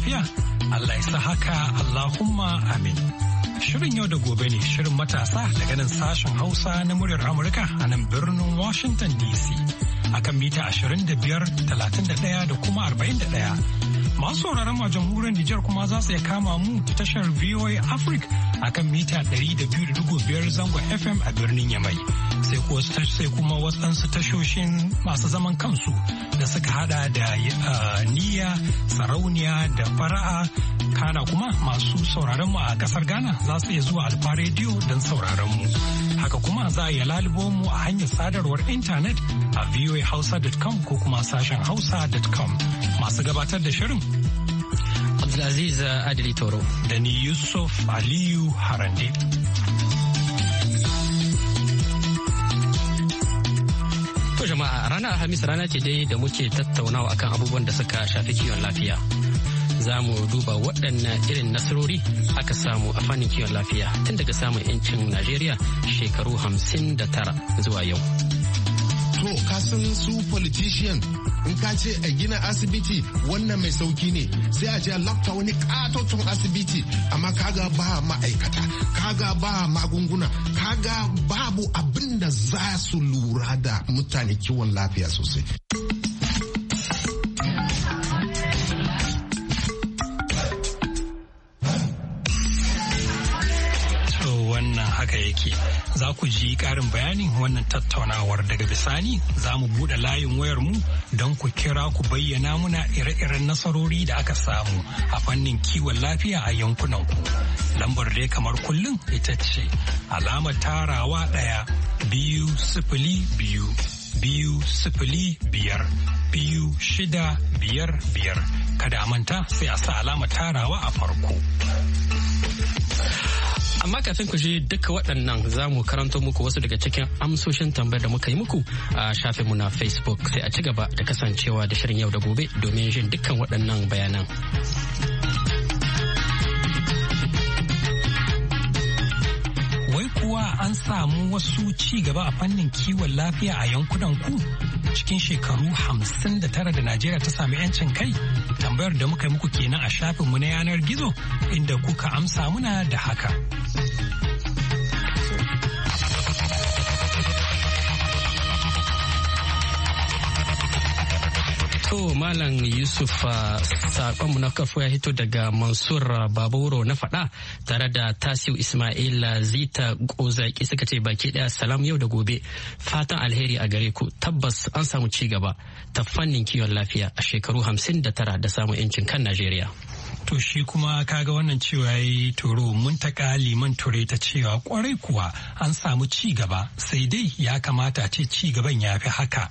lafiya? Allah ya sa haka Allahumma amin. Shirin yau da gobe ne shirin matasa daga nan sashen Hausa na muryar Amurka a nan birnin Washington DC. Akan mita 25, 31 da kuma 41. masu sauraron a jamhuriyar Nijar kuma za su iya kama mu ta tashar VOA Africa akan mita 200.5 zango FM a birnin Yamai. sai sai kuma waɗansu tashoshin masu zaman kansu da suka hada da niyya sarauniya da fara'a kana kuma masu sauraron mu a kasar ghana za su iya zuwa alfa rediyo don sauraron mu haka kuma za a yi lalubo mu a hanyar sadarwar intanet a voahausa.com ko kuma sashen hausa.com masu gabatar da shirin Abdulaziz Adili Toro. Da ni Yusuf Aliyu Harande. yau jama'a ranar Alhamis rana ce dai da muke tattaunawa akan abubuwan da suka shafi kiwon lafiya. Za mu duba waɗannan irin nasarori aka samu a fannin kiwon lafiya tun daga samun 'yancin Najeriya shekaru hamsin da tara zuwa yau. to kasan su politician in ka ce a gina asibiti wannan mai sauki ne sai a je lafta wani katoton asibiti amma kaga ba ma'aikata kaga ba magunguna kaga babu abin da za su lura da mutane kiwon lafiya sosai yake za ku ji karin bayanin wannan tattaunawar daga bisani za mu buɗe layin wayar mu don ku kira ku bayyana muna ire-iren nasarori da aka samu a fannin kiwon lafiya a yankunan ku lambar dai kamar kullum ita ce alamar tarawa ɗaya biyu sifili biyu biyu sifili biyar biyu shida biyar biyar kada a manta sai a sa alama tarawa a farko amma kafin ku je duka waɗannan za mu karanto muku wasu daga cikin amsoshin tambayar da muka yi muku a shafinmu na facebook sai a ci gaba da kasancewa da shirin yau da gobe domin jin dukkan waɗannan bayanan wai kuwa an samu wasu ci gaba a fannin kiwon lafiya a yankunan ku cikin shekaru hamsin da tara da Najeriya ta sami 'yancin kai? Tambayar da muka yi muku kenan a shafinmu na yanar gizo inda kuka amsa muna da haka. To Malam Yusuf saƙonmu na kafu ya hito daga Mansur Baburo na faɗa tare da Tasiu isma'ila Zita Kozaki suka ce baki ɗaya salam yau da gobe fatan alheri a gare ku tabbas an samu ci gaba ta fannin kiwon lafiya a shekaru hamsin da tara da samun 'yancin kan Najeriya. to shi kuma kaga wannan cewa yi toro mun taka liman ture ta cewa kwarai kuwa an samu ci gaba sai dai ya kamata ce ci gaban ya fi haka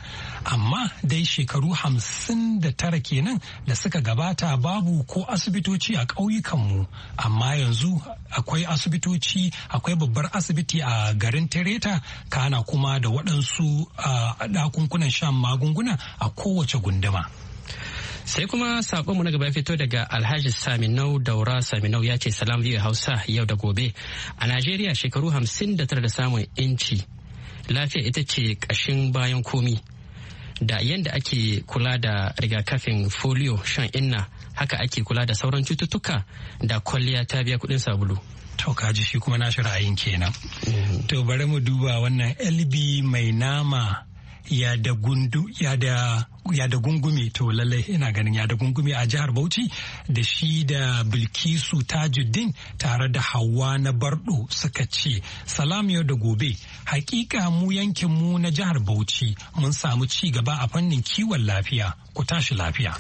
amma dai shekaru hamsin da tara kenan da suka gabata babu ko asibitoci a ƙauyukanmu amma yanzu akwai asibitoci akwai babbar asibiti a garin tereta kana kuma da waɗansu ah, ɗakunkunan shan magunguna a kowace gunduma. sai kuma saƙonmu na gaba fito daga alhaji saminau daura saminau ya ce salam biyu hausa yau da gobe a najeriya shekaru hamsin da tara da samun inci lafiya ita ce ƙashin bayan komi da yadda ake kula da rigakafin folio shan inna haka ake kula da sauran cututtuka da kwalliya ta biya kuɗin sabulu. To kaji shi kuma shi ra'ayin kenan. Mm. To bari mu duba wannan LB mai nama ya da to lallai ina ganin ya da gungume a jihar Bauchi da shi da Bilkisu Tajuddin tare da Hauwa na Bardo suka ce salam yau da gobe hakika mu yankin mu na jihar Bauchi mun samu ci gaba a fannin kiwon lafiya ku tashi lafiya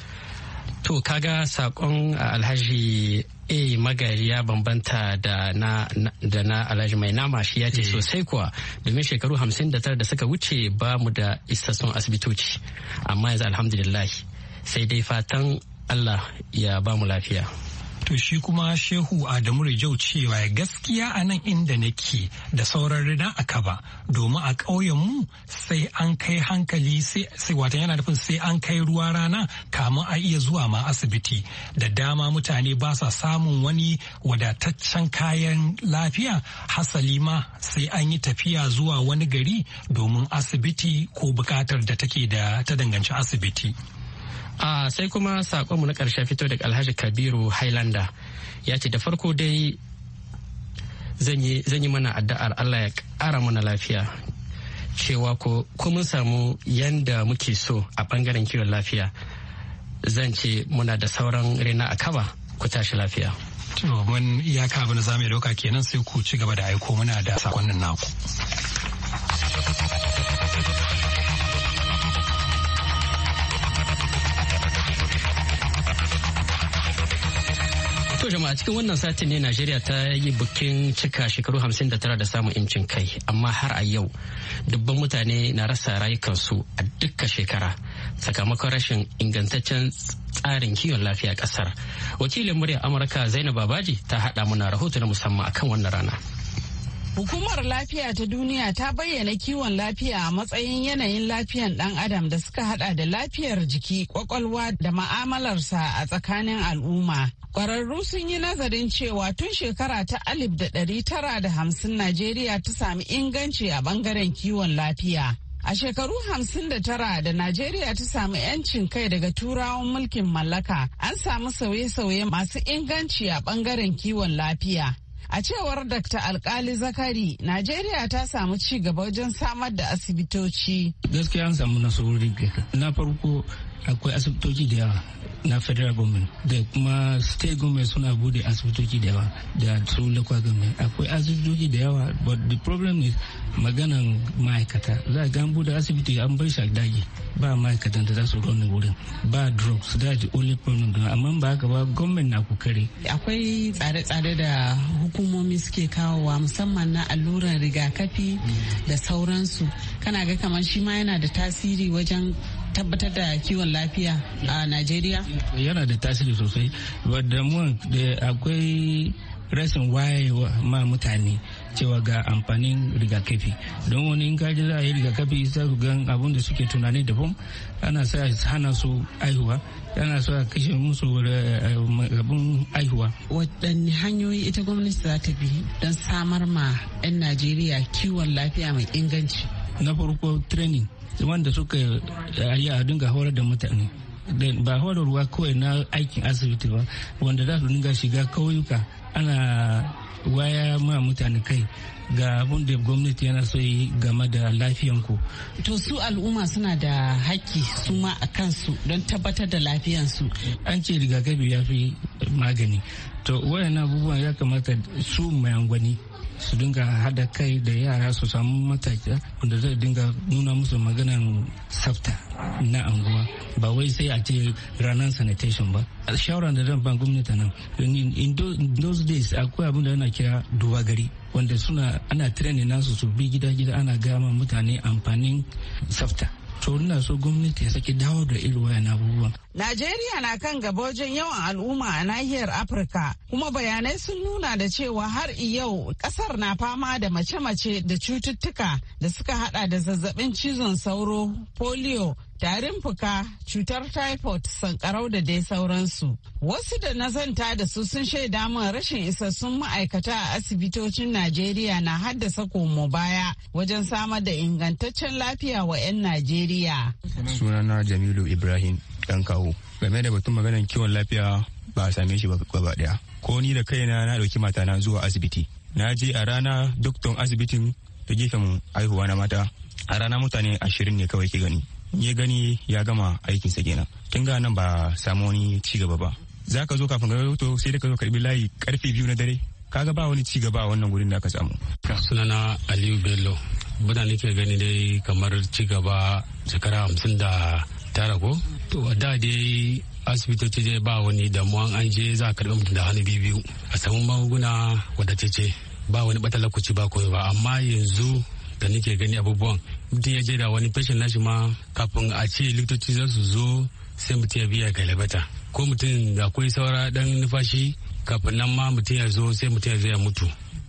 to kaga sakon Alhaji eh magari ya bambanta da na, da na alhaji mai nama shi ya ce eh. sosai kuwa domin shekaru hamsin da tara da suka wuce ba mu da isassun asibitoci amma yanzu alhamdulillah sai dai fatan allah ya ba mu lafiya to shi kuma shehu adamu rijau cewa gaskiya a nan inda nake da sauran rina a kaba domin a ƙauyenmu sai an kai hankali sai wata yana nufin sai an kai ruwa rana kamun a iya zuwa ma asibiti da dama mutane ba sa samun wani wadataccen kayan lafiya hasali ma sai an yi tafiya zuwa wani gari domin asibiti ko bukatar da take da ta danganci asibiti. a sai kuma sakonmu na karshe fito daga alhaji kabiru highlander ya ce da farko dai zan yi mana addu'ar allah ya ƙara mana lafiya cewa ko mun samu yanda muke so a bangaren kiwon lafiya zan ce muna da sauran rena a kaba ku tashi lafiya to mun iyaka abin da za mu kenan sai ku ci gaba da aiko muna da sakonnin naku To jama'a cikin wannan satin ne Najeriya ta yi bikin cika shekaru 59 da samun incin kai amma har a yau dubban mutane na rasa rayukansu a dukkan shekara sakamakon rashin ingantaccen tsarin kiwon lafiya kasar. Wakilin muryar Amurka Zainab Babaji ta haɗa muna rahoto na musamman akan wannan rana. Hukumar lafiya ta duniya ta bayyana kiwon lafiya a matsayin yanayin lafiyan ɗan adam da suka hada da lafiyar jiki, kwakwalwa da ma'amalarsa a tsakanin al'umma. Ƙwararru sun yi nazarin cewa tun shekara ta alif da ɗari tara da hamsin Najeriya ta sami inganci a ɓangaren kiwon lafiya. A shekaru hamsin da tara da Najeriya ta samu 'yancin kai daga turawan mulkin mallaka, an samu sauye-sauye masu inganci a bangaren kiwon lafiya. A cewar Dr. Alkali Zakari, Najeriya ta samu ci gaba wajen samar da asibitoci. Gaskiya an samu nasarori Na farko akwai asibitoci da yawa na federal government da kuma state government suna bude asibitoci da yawa da su local government akwai asibitoci da yawa but the problem is maganan ma'aikata za ga an bude asibiti an bar shi daji ba ma'aikatan da za su rona wurin ba drugs da the only problem amma ba haka ba government na kokari akwai tsare-tsare da hukumomi suke kawowa musamman na alluran rigakafi da sauransu kana ga kamar shi ma yana da tasiri wajen tabbatar da kiwon lafiya a Najeriya? Yana da tasiri sosai. Wadda mu akwai rashin wayewa ma mutane cewa ga amfanin rigakafi don wani in kaji za a yi rigakafi za su gan abin da suke tunani da bom ana sa hana su aihuwa ana sa a kashe musu eh, eh, abin aihuwa waɗanne hanyoyi ita gwamnati za ta bi don samar ma 'yan najeriya kiwon lafiya mai inganci na farko training wanda suka yi a dinga horar da mutane ba horarwa kawai na aikin asibiti ba wanda za su dinga shiga kauyuka ana waya ma mutane kai ga abun da gwamnati yana so yi game da lafiyanku. To su al'umma suna da haƙƙi su ma a kansu don tabbatar da lafiyansu. An ce rigakafi ya fi magani. To wayan abubuwan ya kamata su mai su dinga hada kai da yara su samu mataki wanda zai dinga nuna musu maganan safta na anguwa ba wai sai a ce ranar sanitation ba shawara da zan ban gwamnati nan in those days akwai abin da yana kira duba gari wanda suna ana training nasu su bi gida gida ana gama mutane amfanin safta. to ina so gwamnati ya saki dawo da irin wayan abubuwan. Najeriya na kan gaba wajen yawan al'umma a nahiyar Afirka kuma bayanai sun nuna da cewa har yau kasar na fama da mace-mace da cututtuka da suka hada da zazzabin cizon sauro, polio, tarin fuka, cutar typhoid, sankarau da dai sauransu. Wasu da na zanta da su sun shaida min rashin isassun ma'aikata a asibitocin Najeriya na haddasa komo baya wajen samar da ingantaccen lafiya wa 'yan Najeriya. Sunana Jamilu Ibrahim dan kawo. Game da batun maganar kiwon lafiya ba a same shi ba daya. Ko ni da kaina na ɗauki matana zuwa asibiti. Na je a rana dokton asibitin da gefen haihuwa na mata. A rana mutane ashirin ne kawai ke gani. ya gani ya gama aikinsa kenan kin ga nan ba samu wani ci gaba ba za ka zo kafin ka to sai da ka zo karbi layi karfe biyu na dare kaga ba wani ci gaba a wannan gurin da aka samu sunana aliyu bello buda nake gani dai kamar ci gaba shekara hamsin da tara ko to a da dai asibitoci dai ba wani damuwa an je za a karbi mutum da hannu biyu a samu magunguna wadatacce ba wani ɓata lokaci ba koyo ba amma yanzu da nake gani abubuwan mutum ya je da wani fashin nashi ma kafin a ce likitoci za su zo sai mutum ya biya galibata ko mutum da akwai saura dan nufashi kafin nan ma mutum ya zo sai mutum ya zo ya mutu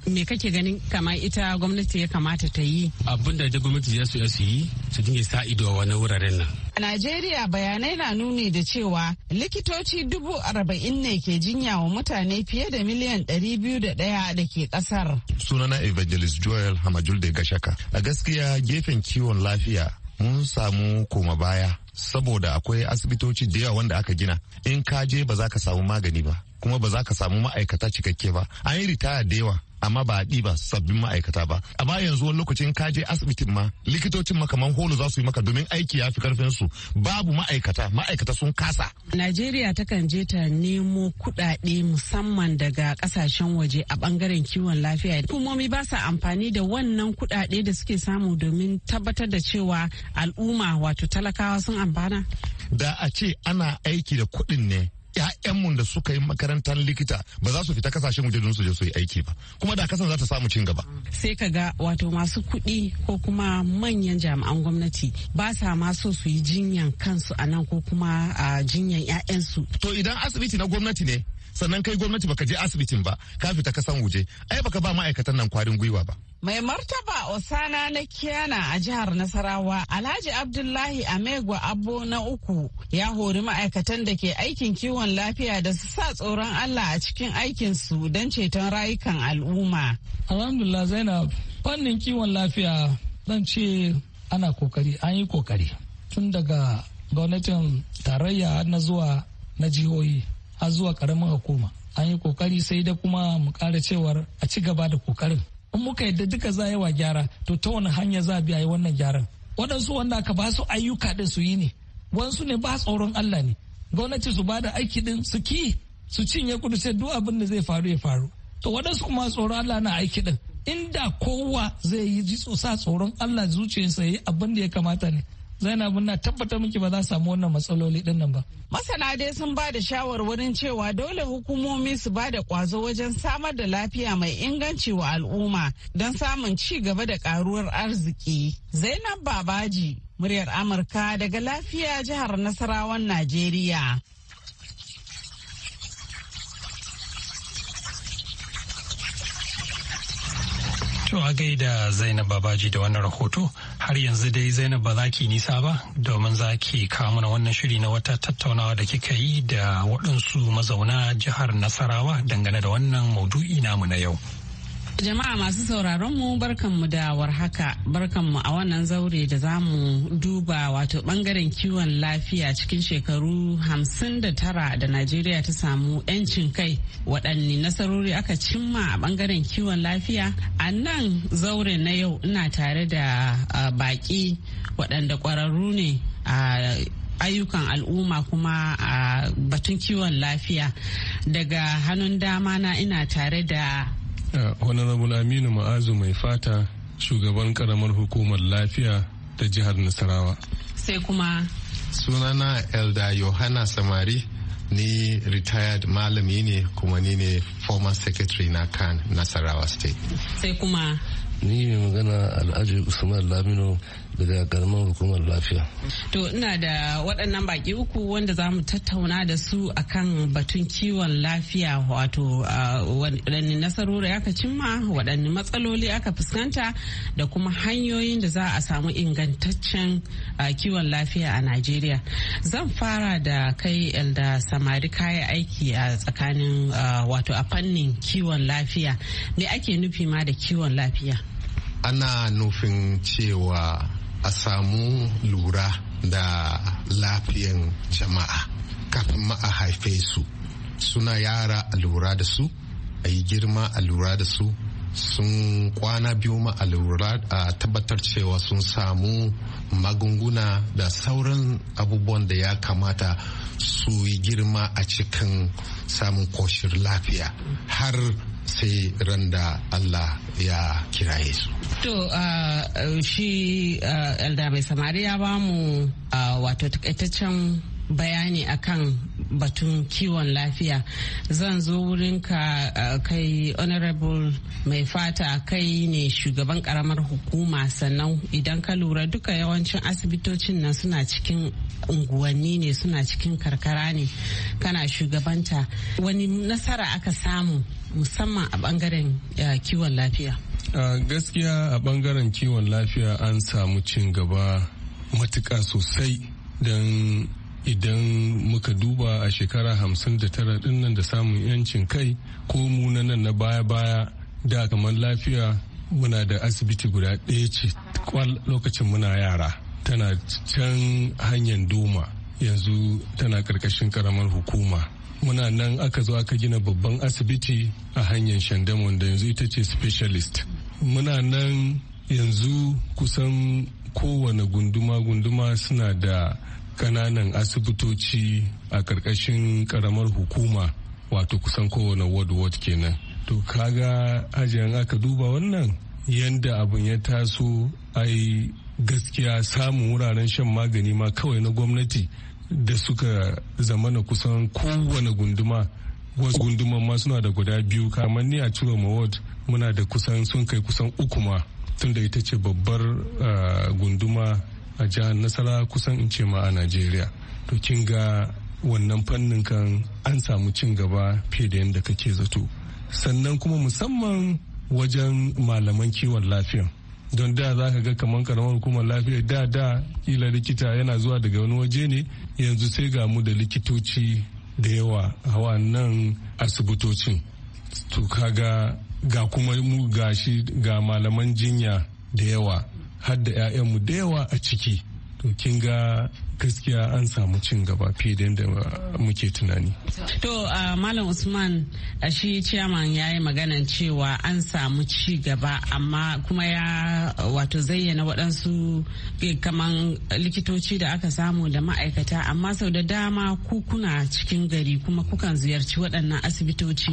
me kake ganin kama ita gwamnati ya kamata ta yi abin da gwamnati za su yi su dinga sa ido a wani wuraren nan a najeriya bayanai na nuni da cewa likitoci dubu arba'in ne ke jinya wa mutane fiye da miliyan ɗari biyu da ɗaya da ke ƙasar sunana evangelist joel hamajul de gashaka a gaskiya gefen kiwon lafiya mun samu koma baya saboda akwai asibitoci da yawa wanda aka gina in ka je ba za ka samu magani ba kuma ba za ka samu ma'aikata cikakke ba an yi ritaya da yawa amma ba a ɗiba sabbin ma'aikata ba amma yanzu wani lokacin ka je asibitin ma likitocin ma kaman holo za su yi maka domin aiki ya fi karfin su babu ma'aikata ma'aikata sun kasa Najeriya takan je ta nemo kuɗaɗe musamman daga ƙasashen waje a ɓangaren kiwon lafiya hukumomi ba sa amfani da wannan kuɗaɗe da suke samu domin tabbatar da cewa al'umma wato talakawa sun amfana da a ce ana aiki da kuɗin ne ƴaƴanmu da suka yi makarantar likita ba za su fita kasashen waje don su je su yi aiki ba kuma da kasan za ta samu cin gaba sai ka ga wato masu kuɗi ko kuma manyan jami'an gwamnati ba sa ma so su yi jinyan kansu a nan ko kuma a jinyan ƴaƴansu to idan asibiti na gwamnati ne sannan kai gwamnati baka je asibitin ba ka fita kasan waje ai baka ba ma'aikatan nan kwarin gwiwa ba mai martaba osana na kiana a jihar nasarawa alhaji abdullahi amegwa abo na uku ya hori ma'aikatan da ke aikin kiwon lafiya da su sa tsoron allah a cikin aikin su don ceton rayukan al'umma alhamdulillah zainab fannin kiwon lafiya zan ce ana kokari an yi kokari tun daga gwamnatin tarayya na zuwa na jihohi A zuwa karamin hukuma an yi kokari sai da kuma mu kara cewar a ci gaba da kokarin in muka yadda duka za wa gyara to ta wani hanya za a bi a yi wannan gyaran waɗansu wanda aka ba su ayyuka da su yi ne wasu ne ba tsoron Allah ne gwamnati su ba da aiki ɗin su ki su cinye kudu sai duk abin da zai faru ya faru to waɗansu kuma tsoron Allah na aiki ɗin inda kowa zai yi ji sa tsoron Allah zuciyarsa ya yi abin da ya kamata ne Zainabu muna tabbatar miki ba za samu wannan matsaloli din nan ba. Masana dai sun ba da shawarwarin cewa dole hukumomi su ba da kwazo wajen samar da lafiya mai inganci wa al'umma don samun ci gaba da karuwar arziki. Zainab Babaji, muryar Amurka daga lafiya jihar Nasarawan Najeriya. To a gaida Zainab Babaji da wannan rahoto har yanzu dai Zainab ba za ki nisa ba domin za ki kawo mana wannan shiri na wata tattaunawa da kika yi da waɗansu mazauna jihar Nasarawa dangane da wannan maudu'i namu na yau. Jama'a masu sauraron mu barkanmu da warhaka barkanmu a wannan zaure da za mu duba wato bangaren kiwon lafiya cikin shekaru hamsin da tara da Najeriya ta samu 'yancin kai waɗanne nasarori aka cimma a bangaren kiwon lafiya. A nan zaure na yau ina tare da baki ah, baƙi waɗanda ƙwararru ne a ayyukan al'umma kuma a batun kiwon lafiya daga hannun dama na ina tare da Uh, honorable aminu ma'azu mai fata shugaban karamar hukumar lafiya ta jihar nasarawa sai kuma sunana elda yohana samari ni retired malami ne kuma ni ne former secretary na kan nasarawa state sai kuma ni mai magana al'aji usman lamino daga karamar hukumar lafiya to ina da waɗannan baki uku wanda za mu tattauna da su akan batun kiwon lafiya wato waɗanne nasarori aka cimma waɗanne matsaloli aka fuskanta da kuma hanyoyin da za a samu ingantaccen kiwon lafiya a najeriya zan fara da kai da samari kaya aiki a tsakanin wato a fannin kiwon lafiya me ake nufi ma da kiwon lafiya ana nufin cewa a samu lura da lafiyan jama'a kafin ma a haife su suna yara a lura da su a yi girma a lura da su sun kwana biyu ma a lura a tabbatar cewa sun samu magunguna da sauran abubuwan da ya kamata su yi girma a cikin samun koshin lafiya har sai ran da Allah ya kiraye su. To shi Elda Bai Samari ya bamu wato takaitaccen bayani akan batun kiwon lafiya zan zo wurin ka uh, kai honorable mai fata kai ne shugaban karamar hukuma sannan idan ka lura duka yawancin asibitocin nan suna cikin unguwanni ne suna cikin karkara ne kana shugabanta wani nasara aka samu musamman a bangaren uh, kiwon lafiya gaskiya a bangaren kiwon lafiya an samu cin gaba matuka sosai don idan muka duba a shekara hamsin da tara dinnan da samun yancin kai ko mu nan na baya-baya da kamar lafiya muna da asibiti guda ɗaya ce kwal lokacin muna yara tana can hanyar doma yanzu tana ƙarƙashin ƙaramar hukuma muna nan aka zo aka gina babban asibiti a hanyar shandam wanda yanzu ita ce specialist muna nan yanzu kusan kowane gunduma-gunduma suna da kananan asibitoci a ƙarƙashin ƙaramar hukuma wato kusan kowane ward ward kenan to kaga ajiyar aka duba wannan Yadda abin ya taso ai gaskiya samun wuraren shan magani ma kawai na gwamnati da suka zamana kusan kowane gunduma wasu gunduma ma suna da guda biyu kamar ni a ciro ward muna da kusan sun kai kusan uku ma tunda ita ce babbar ah, gunduma a jihar nasara kusan in ce ma a najeriya to kin ga wannan fannin kan an samu cin gaba fiye da yadda kake zato sannan kuma musamman wajen malaman kiwon lafiya don da za ka ga kamar karamar hukumar lafiya da da kila likita yana zuwa daga wani waje ne yanzu sai ga mu da likitoci da yawa a wannan asibitocin to kaga ga kuma mu gashi ga malaman jinya da yawa Hadda da mu da yawa a ciki to kin ga gaskiya an samu cin gaba fiye da yadda muke tunani. To uh, Malam Usman a uh, shi ciyaman ya yi maganan cewa an samu ci gaba amma kuma ya uh, wato zayyana waɗansu eh, kaman likitoci da aka samu da ma'aikata amma sau da dama ku kuna cikin gari kuma kukan ziyarci waɗannan asibitoci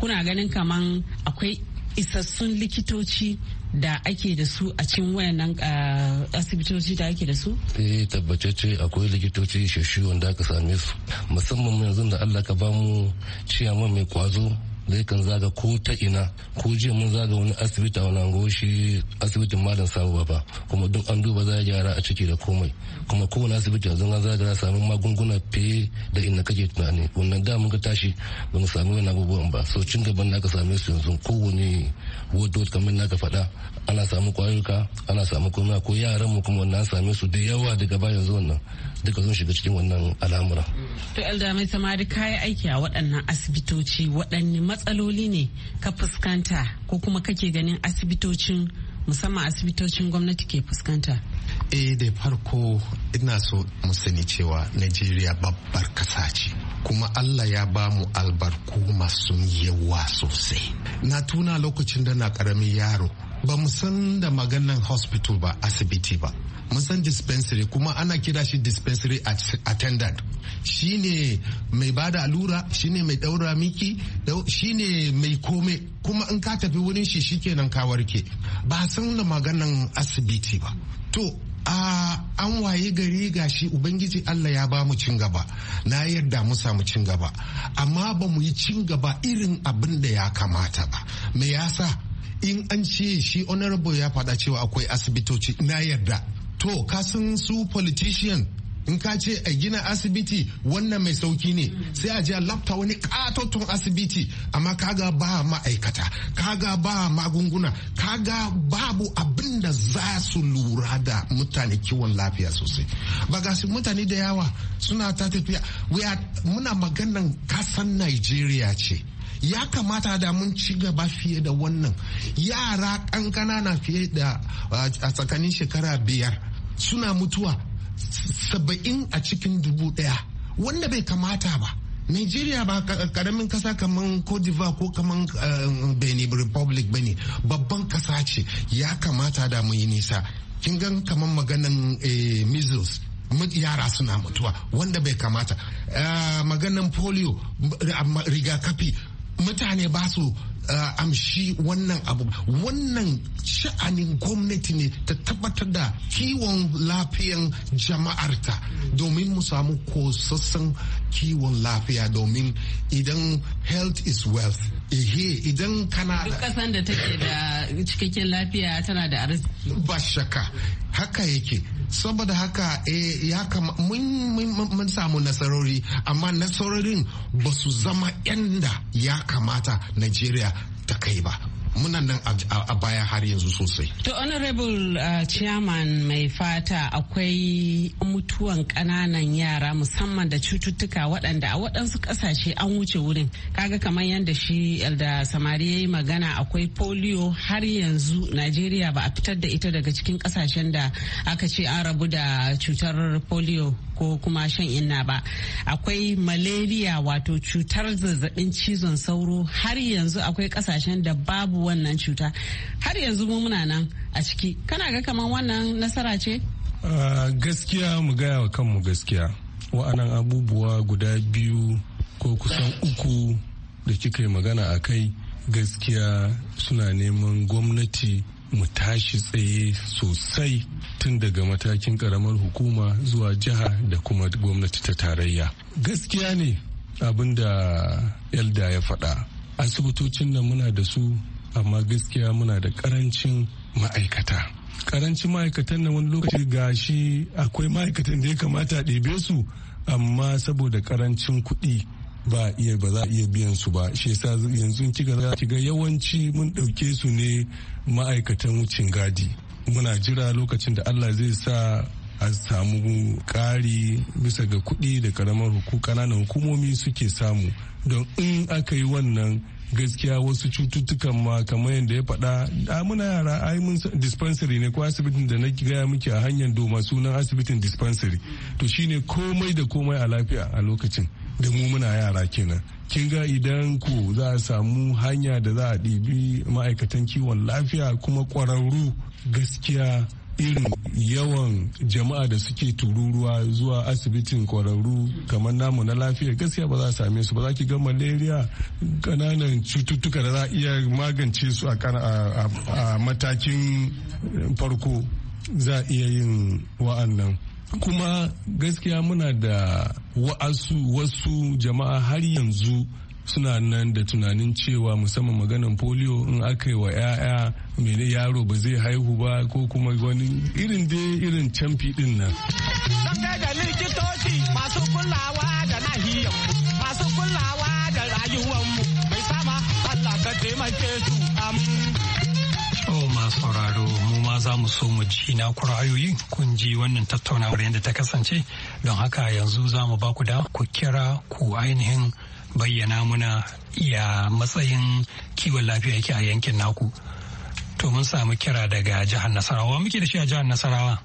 kuna ganin kaman akwai isassun likitoci da ake da su a cikin wayannan ah, asibitoci da ake da su? Eh tabbatacce akwai likitoci shashu wanda aka same su musamman yanzu da Allah ka bamu ciyaman mai kwazo zai kan zaga ko ta ina ko jiya mun zaga wani asibiti a wani shi asibitin malam sabu baba kuma duk an duba za gyara a ciki da komai kuma kowane asibiti yanzu an zaga na samun magunguna fiye da inda kake tunani wannan da mun ka tashi ba mu samu wani abubuwan ba so cin gaban da aka same su yanzu kowane ward kamar na ka faɗa ana samu kwayoyuka ana samu kuma ko yaran mu kuma wannan same su da yawa daga baya yanzu wannan duka zo shiga cikin wannan al'amura. To Elda mai samari kayi aiki a waɗannan asibitoci waɗanne matsaloli ne ka fuskanta ko kuma kake ganin asibitocin musamman asibitocin gwamnati ke fuskanta? Eh da farko ina so mu sani cewa Najeriya babbar kasa ce kuma Allah ya ba mu albarku masu yawa sosai. Na tuna lokacin da na karamin yaro ba san da maganan hospital ba asibiti ba mun san dispensary kuma ana kira shi dispensary attendant shine mai bada allura shine mai daura miki shine mai kome kuma in ka tafi wurin shi shi shikenan ka warke ba san da maganan asibiti ba to a an waye gari gashi ubangiji allah ya ba mu cin gaba na yarda mu samu cin gaba amma ba mu yi cin gaba irin abin da ya kamata ba me yasa in an ce shi honorable ya faɗa cewa akwai asibitoci na yarda to kasan su politician in ka ce a gina asibiti wannan mai sauki ne sai a je a lafta wani katoton asibiti amma kaga ba ma'aikata kaga ba magunguna kaga babu abin da za su lura da mutane kiwon lafiya sosai ba ga su mutane da yawa suna ta tafiya muna maganan kasan nigeria ce ya kamata da mun ci gaba fiye da wannan yara kankana na fiye da a tsakanin shekara biyar suna mutuwa saba'in a cikin dubu daya wanda bai kamata ba Nigeria ba karamin kasa kaman Cote d'Ivoire ko kamar um, Benin Republic ne babban kasa ce ya kamata da mu yi nisa kin gan kaman maganan eh, measles yara suna mutuwa wanda bai kamata ah, maganan polio rigakafi mutane ba su Uh, amshi wannan abu wannan sha'anin gwamnati ne ta tabbatar da kiwon lafiyan jama'arta domin mu samu kosassan kiwon lafiya domin idan health is wealth ehe idan kana duk kasan da take da cikakken lafiya tana da arziki ba shakka haka yake saboda haka eh, ya kama mun samu nasarori amma nasarorin ba su zama yanda ya kamata najeriya ta kai ba muna nan a baya har yanzu sosai to honorable uh, chairman mai fata akwai mutuwan kananan yara musamman da cututtuka waɗanda a waɗansu ƙasashe an wuce wurin kaga kamar yadda shi da samari ya yi magana akwai polio har yanzu najeriya ba a fitar da ita daga cikin ƙasashen da aka ce an rabu da cutar polio ko kuma shan inna ba akwai malaria wato cutar zazzabin cizon sauro har yanzu akwai ƙasashen da babu wannan cuta har yanzu mu muna nan a ciki kana ga kamar wannan nasara ce ah, gaskiya mu gaya wa kanmu gaskiya wa'anan abubuwa guda biyu ko kusan uku da kika yi magana a kai gaskiya suna neman gwamnati mu tashi tsaye sosai tun daga matakin karamar hukuma zuwa jiha da kuma gwamnati ta tarayya gaskiya ne abin da yalda ya faɗa asibitocin nan muna da su amma gaskiya muna da karancin ma'aikata karancin ma'aikatan na wani lokaci gashi akwai ma'aikatan da ya kamata a ɗebe su amma saboda karancin kuɗi ba iya ba za a iya biyan su ba shi yasa yanzu kika za ki ga yawanci mun ɗauke su ne ma'aikatan wucin gadi muna jira lokacin da Allah zai sa a samu ƙari bisa ga kuɗi da karamar kananan hukumomi suke samu don in aka yi wannan gaskiya wasu cututtukan ma kamar yadda ya faɗa a muna yara ai mun dispensary ne ko asibitin da na gaya miki a hanyar doma sunan asibitin dispensary to shine komai da komai a lafiya a lokacin da mu muna yara kenan kin ga idan ku za a samu hanya da za a ɗibi ma'aikatan kiwon lafiya kuma kwararru gaskiya irin yawan jama'a da suke tururuwa zuwa asibitin kwararru kamar namu na lafiya gaskiya ba za a same su ba za ki ga malaria kananan cututtuka da za a iya magance su a matakin farko za a iya yin wa'annan kuma gaskiya muna da wasu jama'a har yanzu suna nan da tunanin cewa musamman maganin polio in aka yi wa 'ya'ya mene yaro ba zai haihu ba ko kuma wani irin dai irin camfi din nan. da likitoci masu kulawa da nahiyar masu kulawa da rayuwanmu mai sama Allah ka taimake su masu sauraro mu ma za mu so mu ji na kurayoyi kun ji wannan tattaunawar yadda ta kasance don haka yanzu za mu ba ku da ku kira ku ainihin bayyana muna ya matsayin kiwon lafiya yake a yankin naku to mun samu kira daga jihar nasarawa muke da shi a jihar nasarawa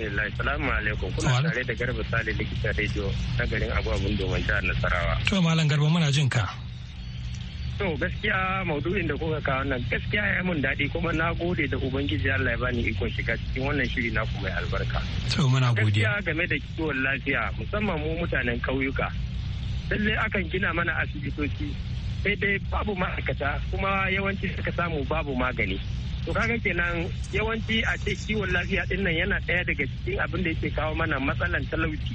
Assalamu alaikum kuna tare da garba sale likita Radio na garin agwabun domin jihar nasarawa to malam garba muna jin ka to gaskiya maudu'in da kuka kawo nan gaskiya ya mun daɗi kuma na gode da ubangiji Allah ya bani ikon shiga cikin wannan shiri na kuma albarka to muna godiya gaskiya game da kiwon lafiya musamman mu mutanen ƙauyuka lallai akan gina mana asibitoci sai dai babu ma'aikata kuma yawanci suka samu babu magani to kaga kenan yawanci a ce kiwon lafiya din yana ɗaya daga cikin abin da yake kawo mana matsalan talauci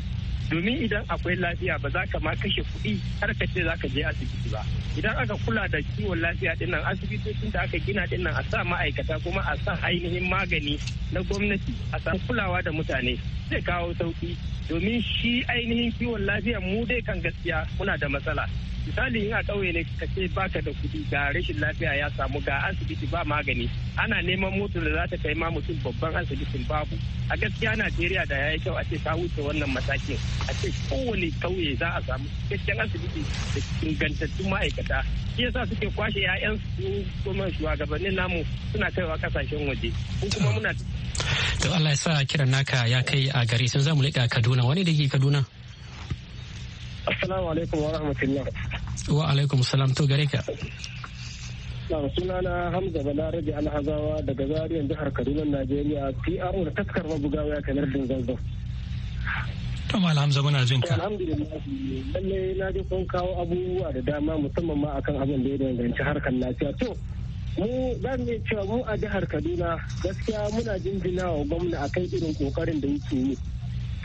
domin idan akwai lafiya ba za ka ma kashe kuɗi har ka ce za ka je asibiti ba idan aka kula da kiwon lafiya dinnan asibitocin da aka gina dinnan a sa ma'aikata kuma a sa ainihin magani na gwamnati a san kulawa da mutane zai kawo sauki domin shi ainihin kiwon lafiya mu dai kan gaskiya muna da matsala misali in a ƙauye ne ka ce ka da kuɗi ga rashin lafiya ya samu ga asibiti ba magani ana neman motar da za ta kai ma mutum babban asibitin babu a gaskiya najeriya da ya yi kyau a ce ta wuce wannan matakin a ce kowane ƙauye za a samu cikakken asibiti da ingantattun ma'aikata shi yasa suke kwashe 'ya'yan su kuma shugabannin namu suna kaiwa kasashen waje ko kuma muna to Allah ya sa kiran naka ya kai a gari sun zamu leƙa Kaduna wani da ke Kaduna Assalamu alaikum wa rahmatullah. Wa alaikum salam to gare ka. suna na Hamza rage Alhazawa daga Zariyan jihar Kaduna Najeriya PRO da taskar mabugawa ya kanar din zanzo. To Mal Hamza muna jin ka. Alhamdulillah lalle na ji kun kawo abubuwa da dama musamman ma akan abin da ya danganci harkar lafiya. To mu za mu cewa mu a jihar Kaduna gaskiya muna jinjina wa gwamna akan irin kokarin da yake yi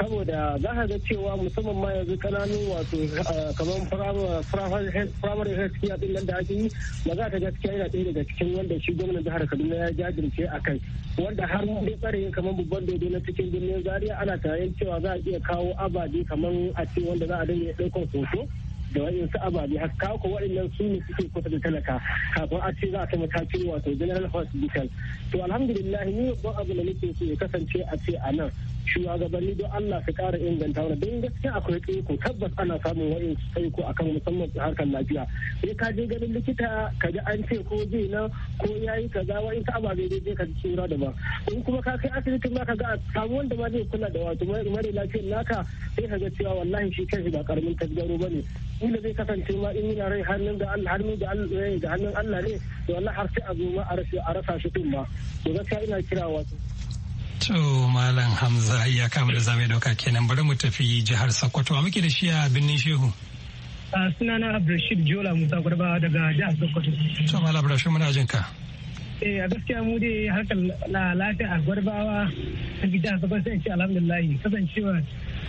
saboda za ka ga cewa musamman ma yanzu kananun wato eh, kamar primary health care din nan da ake yi maza ta gaskiya yana ɗaya daga cikin wanda shi gwamnan jihar Kaduna ya jajirce a kai wanda har mun dai tsare kamar babban dodo na cikin birnin Zaria ana tayin cewa za a iya kawo ababe kamar a ce wanda za a dinga ɗaukar hoto da su ababe har kawo waɗannan su ne suke kusa da talaka kafin a ce za a ta matakin wato general hospital to alhamdulillah ni babban abu da nake so ya kasance a ce a nan shugabanni don Allah su ƙara inganta wani don gaskiya akwai tsaiko tabbas ana samun wa'in tsaiko akan musamman harkar lafiya sai ka je ganin likita ka ji an ce ko zai na ko ya yi kaza wa'in ta ababe dai zai ka ji tsira da ba in kuma ka kai asibitin ma ka ga samu wanda ma zai kula da wato mara lafiyar naka sai ka ga cewa wallahi shi kanshi ba karamin tasgaro ba ne kila zai kasance ma in yana rai hannun da Allah hannun da Allah eh, ne to wallahi har sai a zo ma a rasa shi din ma to gaskiya ina kira wato To Malam Hamza ya kama da zamai dauka kenan bari mu tafi jihar Sokoto a muke da shi a birnin Shehu. A Sunana Abdulrashid Jola Musa Gurba daga jihar Sokoto. To Malam Abdulrashid muna jinka. ka. Eh a gaskiya mu dai na lati a Gurbawa a jihar Sokoto sai ce alhamdulillah kasancewa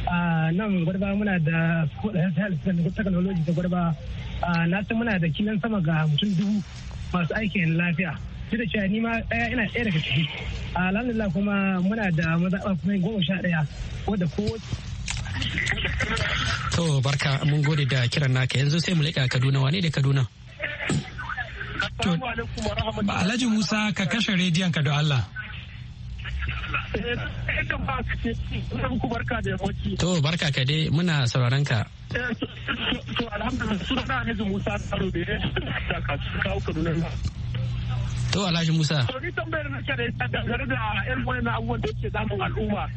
a nan Gwarbawa muna da technology da Gwarbawa na san muna da kinan sama ga mutum dubu masu aikin lafiya. duk da cewa ni ma ɗaya ina ɗaya daga ciki alhamdulillah kuma muna da mazaɓa kuma goma sha ɗaya wadda ko To barka mun gode da kiran naka yanzu sai mu leƙa Kaduna wane da Kaduna? Alhaji Musa ka kashe rediyon ka eh, eh, da Allah. To barka ka dai muna sauraron ka. Eh, to alhamdulillah suna na Alhaji Musa Taro da ya kawo Kaduna. To Alhaji Musa. tambayar na kare ta da abubuwan ke damun al'umma.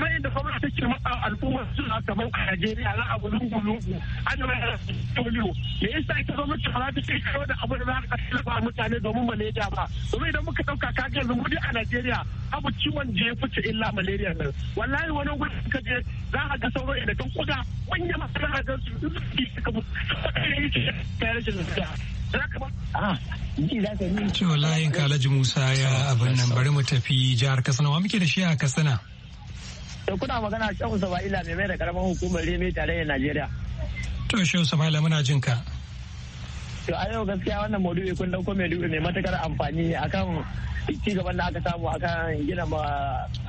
Mai da gwamnati take al'umma suna kamar a Najeriya na abu lungu lungu. mai yasa ita gwamnati ba za ta kai da abu da za mutane domin malaria ba. Domin idan muka dauka ka ga a Najeriya abu ciwon je illa malaria nan. Wallahi wani ka za a ga sauro da kan kuda masana Cewa layin Musa ya abin nan bari mu tafi jihar Katsina wa muke da shi a Katsina. To kuna magana Shehu Sama'ila mai mai da karamar hukumar Rimi tarayyar Najeriya. To Shehu Sama'ila muna jin ka. To a yau gaskiya wannan maudu'i kun dauko mai dubi mai matakar amfani akan ci gaban da aka samu akan gina ma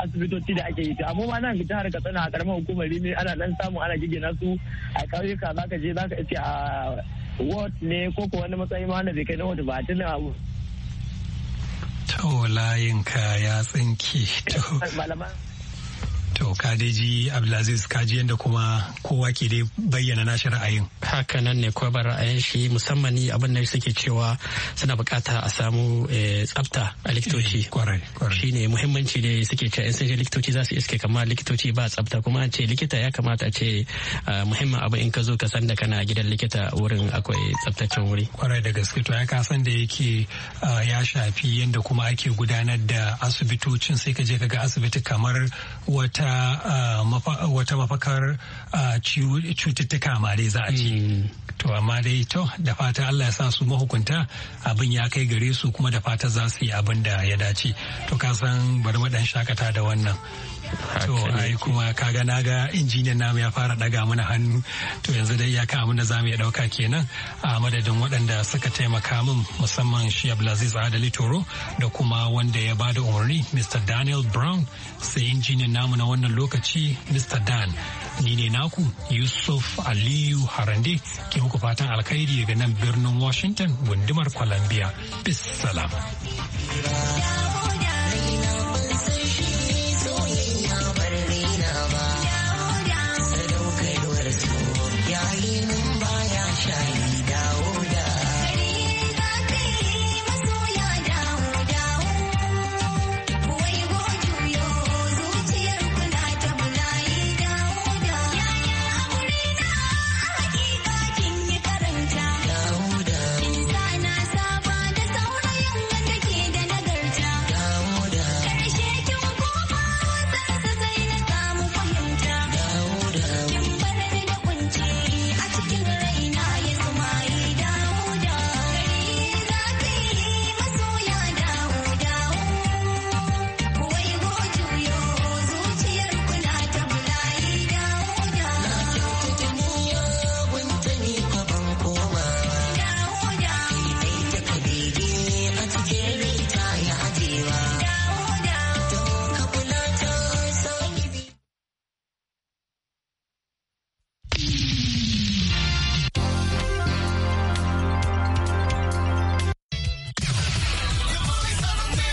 asibitoci da ake yi to amma ma nan jihar Katsina a karamar hukumar Rimi ana dan samu ana gigina su a ƙauyuka zaka je zaka ce a ward ne ko ko wani matsayi ma na bai na ba tuna abu. To layin ka ya tsinki to. To kadeji Abdulaziz kaji yadda kuma kowa ke dai bayyana nashi ra'ayin. haka nan ne kowa ba ra'ayin shi musamman ni abin da suke cewa suna bukata a samu eh, tsafta a likitoci. Eh, kwarai. kwarai Shi ne muhimmanci da suke cewa in sun likitoci za su iske kama likitoci ba tsafta kuma ce likita ya kamata a ce muhimmin abu in ka zo ka san da kana gidan likita wurin akwai tsaftacen wuri. Kwarai da gaske to ya ka san da yake ya shafi yadda kuma ake gudanar da asibitocin sai ka je ka ga asibiti kamar wata wata uh, wata mafakar uh, cututtuka ma dai za a ce mm. to amma dai to da fata Allah ya sa su mahukunta abin ya kai gare su kuma da fata za su yi abin da ya dace to kasan san bari mu dan shakata da wannan to ai kuma kaga na ga injiniyan namu ya fara daga mana hannu to yanzu dai ya kawo da zamu iya dauka kenan a madadin waɗanda suka taimaka min musamman shi Abdulaziz Adali Toro da kuma wanda ya bada umarni Mr Daniel Brown sai injiniyan namu na wannan lokaci Mr Dan ni ne naku Yusuf Aliyu Harande ke muku fatan alkhairi daga nan birnin Washington gundumar Columbia bis salam